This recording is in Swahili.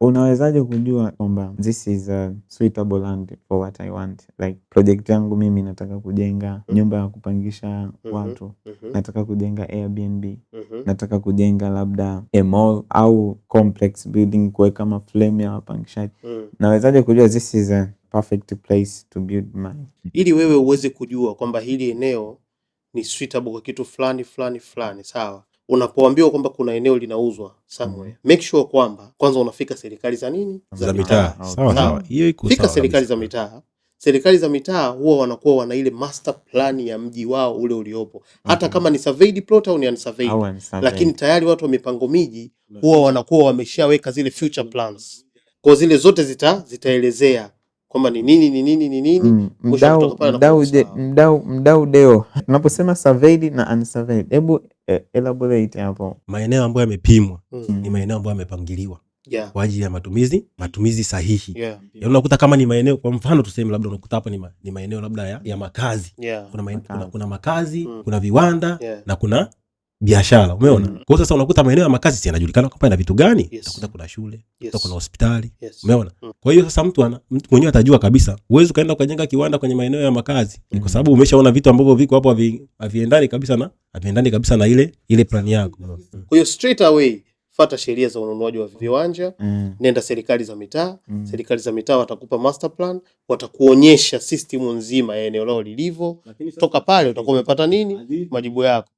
Unawezaje kujua kwamba this is a suitable land for what I want? Like project yangu mimi nataka kujenga mm-hmm. nyumba ya kupangisha mm-hmm. watu, mm-hmm. nataka kujenga Airbnb, nataka kujenga labda a mall au complex building, kuweka maflame ya wapangishaji. Mm. Nawezaje kujua this is a perfect place to build my... Ili wewe uweze kujua kwamba hili eneo ni suitable kwa kitu fulani fulani fulani, sawa unapoambiwa kwamba kuna eneo linauzwa somewhere mm. make sure kwamba kwanza unafika serikali za nini za mitaa. Sawa, Fika serikali za mitaa serikali za mitaa huwa wanakuwa wana ile master plan ya mji wao ule uliopo, hata mm -hmm. kama ni surveyed plot au ni unsurveyed, lakini tayari watu wa mipango miji huwa wanakuwa wameshaweka zile future plans, kwa zile zote zita zitaelezea kwamba ni nini ni nini ni nini. Mm, mdau mdau deo, unaposema surveyed na unsurveyed, hebu eh, elaborate hapo. Maeneo ambayo yamepimwa mm. mm. ni maeneo ambayo yamepangiliwa Yeah. Kwa ajili ya matumizi matumizi sahihi yeah. Yeah, unakuta kama ni maeneo kwa mfano tuseme labda unakuta hapa ni ma, ni maeneo labda ya, ya makazi yeah. Kuna, maeneo, makazi. kuna, kuna makazi mm. kuna viwanda yeah. na kuna biashara umeona. Mm. Kwa sasa unakuta maeneo ya makazi si yanajulikana kwamba ina vitu gani? Yes. Utakuta kuna shule, yes. Utakuta kuna hospitali, yes. Umeona. Mm. Kwa hiyo sasa mtu ana mtu mwenyewe atajua kabisa, uwezo kaenda ukajenga kiwanda kwenye maeneo ya makazi mm. Kwa sababu umeshaona vitu ambavyo viko hapo haviendani kabisa na haviendani kabisa na ile ile plani yako. Mm. mm. Kwa hiyo straight away fuata sheria za ununuaji wa viwanja mm. Nenda serikali za mitaa mm. Serikali za mitaa watakupa master plan, watakuonyesha system nzima ya eneo lao lilivyo, toka pale utakuwa umepata nini majibu yako.